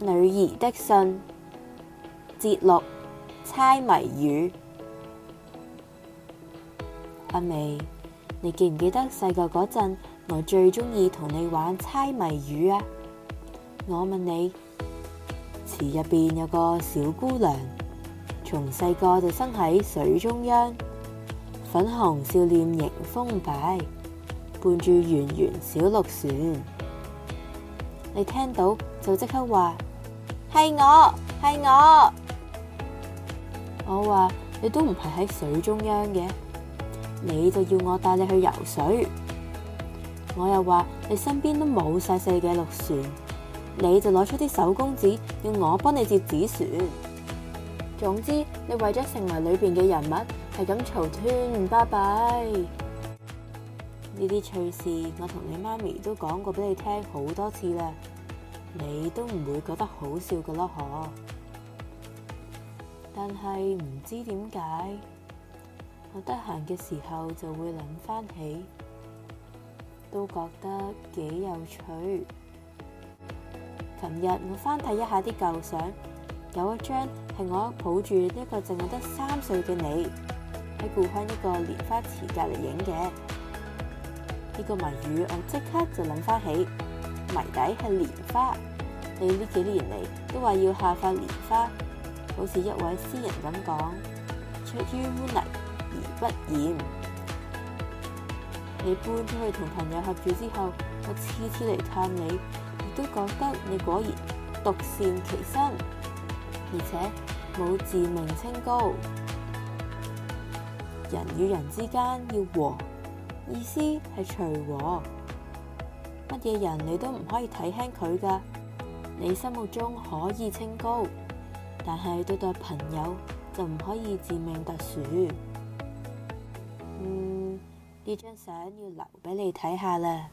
女兒的信，節錄猜謎語。阿美，你記唔記得細個嗰陣，我最鍾意同你玩猜謎語啊？我問你，池入邊有個小姑娘，從細個就生喺水中央，粉紅笑臉迎風擺，伴住圓圓小綠船。你聽到就即刻話，係我係我，我話你都唔係喺水中央嘅，你就要我帶你去游水。我又話你身邊都冇細細嘅綠船，你就攞出啲手工紙，要我幫你折紙船。總之，你為咗成為裏邊嘅人物，係咁嘈喧巴閉。呢啲趣事，我同你媽咪都講過俾你聽好多次啦，你都唔會覺得好笑噶咯？嗬。但係唔知點解，我得閒嘅時候就會諗翻起，都覺得幾有趣。琴日我翻睇一下啲舊相，有一張係我抱住一個淨係得三歲嘅你，喺故鄉一個蓮花池隔籬影嘅。呢個謎語，我即刻就諗翻起，謎底係蓮花。你呢幾年嚟都話要下發蓮花，好似一位詩人咁講：出淤泥而不染。你搬出去同朋友合住之後，我次次嚟探你，也都覺得你果然獨善其身，而且冇自命清高。人與人之間要和。意思係隨和，乜嘢人你都唔可以睇輕佢噶。你心目中可以清高，但係對待朋友就唔可以自命特殊。嗯，呢張相要留俾你睇下啦。